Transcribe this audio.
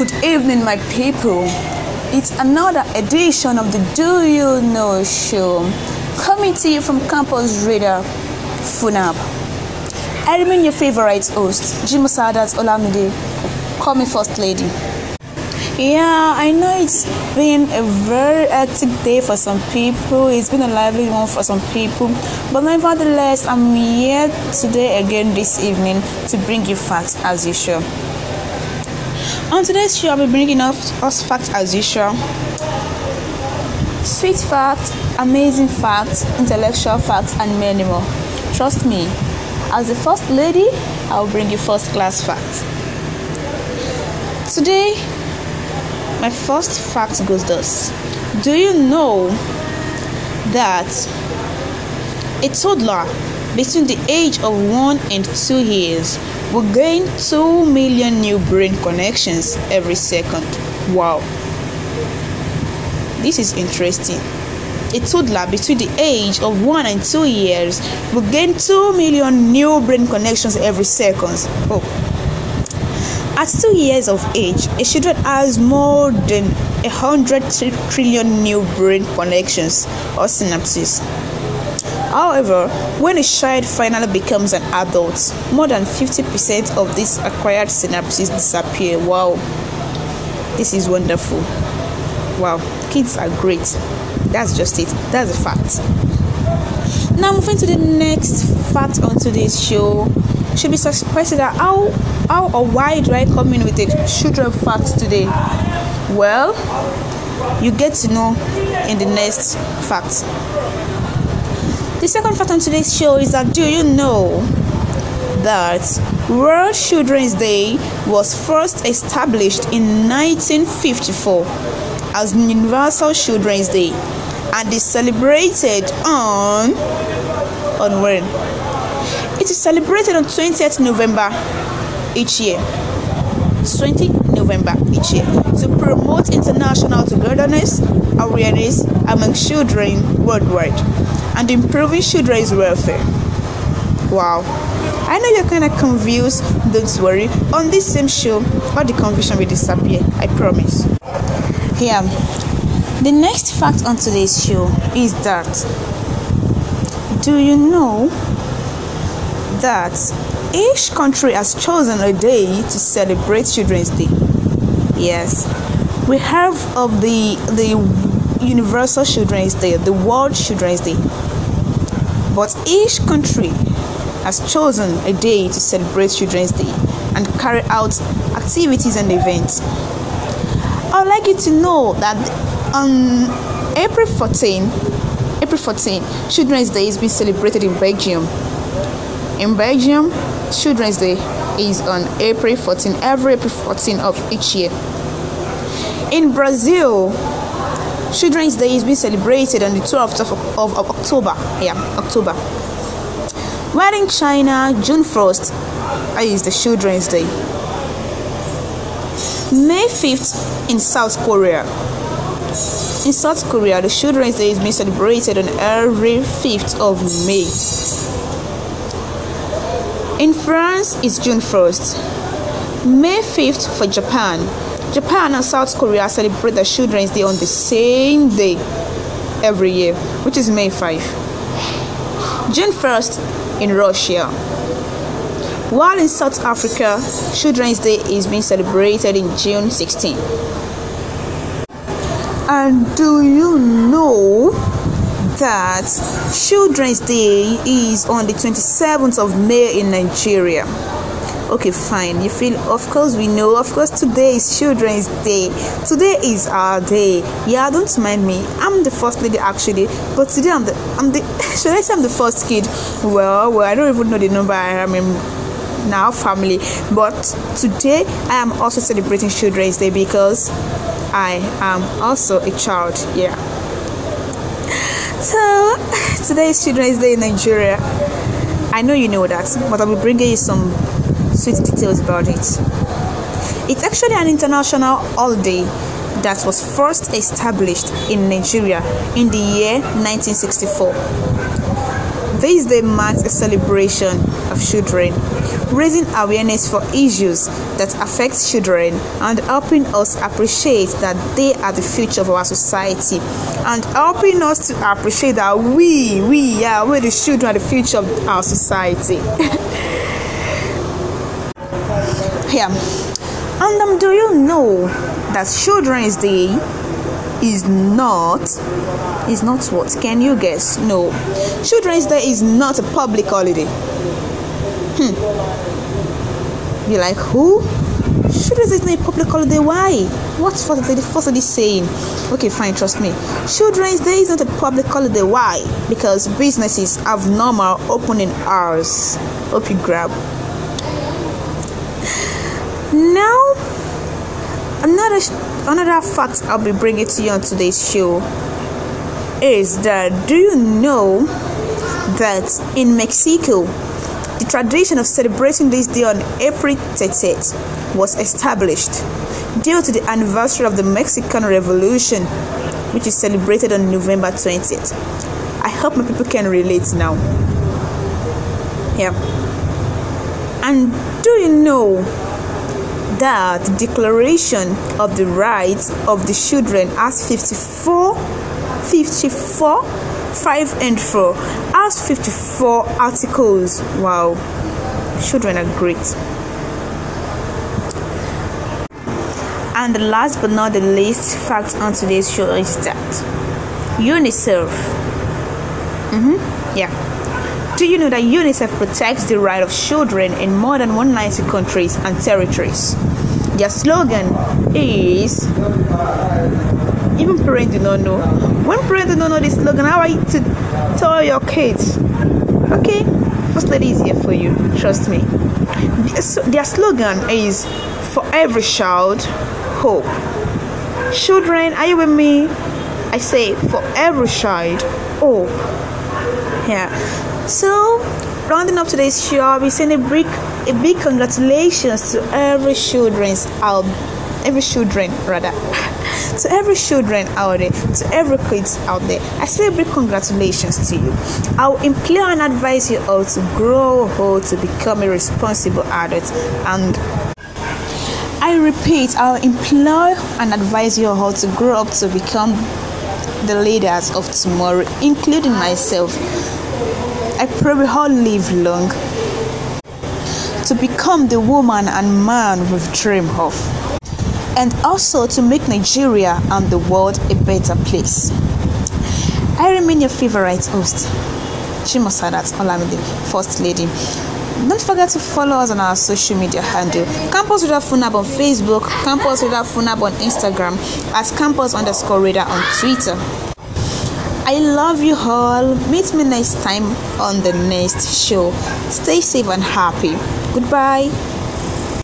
Good evening, my people. It's another edition of the Do You Know Show, coming to you from Campus radio FUNAB. I remain your favorite host, Jim Sadat Olamide, call me First Lady. Yeah, I know it's been a very hectic day for some people. It's been a lively one for some people. But nevertheless, I'm here today again this evening to bring you facts as usual. On today's show, I'll be bringing up us facts as usual. Sweet facts, amazing facts, intellectual facts, and many more. Trust me, as the first lady, I'll bring you first class facts. Today, my first fact goes thus Do you know that a toddler between the age of 1 and 2 years we gain 2 million new brain connections every second. Wow. This is interesting. A toddler between the age of 1 and 2 years will gain 2 million new brain connections every second. Oh. At 2 years of age, a child has more than 100 trillion new brain connections or synapses. However, when a child finally becomes an adult, more than 50% of these acquired synapses disappear. Wow, this is wonderful. Wow, kids are great. That's just it, that's a fact. Now, moving to the next fact on today's show, should be surprised at how, how or why do I come in with a children fact today? Well, you get to know in the next fact. The second fact on today's show is that do you know that World Children's Day was first established in 1954 as Universal Children's Day and is celebrated on on when? It is celebrated on 20th November each year. 20 November each year to promote international togetherness, awareness among children worldwide, and improving children's welfare. Wow. I know you're kind of confused, don't worry. On this same show, all the confusion will disappear, I promise. Here, The next fact on today's show is that do you know that each country has chosen a day to celebrate Children's Day? Yes, we have of um, the the Universal Children's Day, the World Children's Day. But each country has chosen a day to celebrate Children's Day and carry out activities and events. I'd like you to know that on April 14, April 14, Children's Day is being celebrated in Belgium. In Belgium, Children's Day is on April 14, every April 14 of each year. In Brazil, Children's Day is being celebrated on the 12th of, of, of October. Yeah, October. Where in China, June 1st is the Children's Day. May 5th in South Korea. In South Korea, the Children's Day is being celebrated on every 5th of May. In France, it's June 1st. May 5th for Japan. Japan and South Korea celebrate their Children's Day on the same day every year, which is May 5. June 1st in Russia. While in South Africa, Children's Day is being celebrated in June 16. And do you know that Children's Day is on the 27th of May in Nigeria? okay fine you feel of course we know of course today is children's day today is our day yeah don't mind me i'm the first lady actually but today i'm the i'm the should i say i'm the first kid well well i don't even know the number i in now family but today i am also celebrating children's day because i am also a child yeah so today is children's day in nigeria i know you know that but i'll be bringing you some sweet details about it. It's actually an international holiday that was first established in Nigeria in the year 1964. This day marks a celebration of children, raising awareness for issues that affect children and helping us appreciate that they are the future of our society and helping us to appreciate that we, we, are, we the children are the future of our society. Yeah, And um, do you know that Children's Day is not is not what? Can you guess? No, Children's Day is not a public holiday. Hmm. You're like who? Children's Day is not a public holiday. Why? What's for the first lady saying? Okay, fine, trust me. Children's Day is not a public holiday. Why? Because businesses have normal opening hours. Hope you grab. Now, another another fact I'll be bringing to you on today's show is that do you know that in Mexico, the tradition of celebrating this day on April 30th was established due to the anniversary of the Mexican Revolution, which is celebrated on November 20th. I hope my people can relate now. Yeah. And do you know that Declaration of the Rights of the Children as 54, 54, 5 and 4 as 54 articles. Wow, children are great. And the last but not the least fact on today's show is that UNICEF. Mm-hmm. Yeah do you know that UNICEF protects the right of children in more than 190 countries and territories? Their slogan is even parents do not know. When parents do not know this slogan, how are you to tell your kids? Okay, First Lady is here for you, trust me. Their slogan is for every child, hope. Children, are you with me? I say for every child, hope. Yeah so, rounding up today's show, I'll be sending a big, a big congratulations to every children's out, every children rather, to every children out there, to every kids out there. I say a big congratulations to you. I'll implore and advise you all to grow whole to become a responsible adult and. I repeat, I'll implore and advise you all to grow up to become the leaders of tomorrow, including myself. I pray we all live long to become the woman and man we've dreamed of, and also to make Nigeria and the world a better place. I remain your favorite host, Chimo Sadat Olamide, First Lady. Don't forget to follow us on our social media handle Campus Radar Funab on Facebook, Campus Radar Funab on Instagram, at Campus underscore Radar on Twitter. I love you all. Meet me next time on the next show. Stay safe and happy. Goodbye.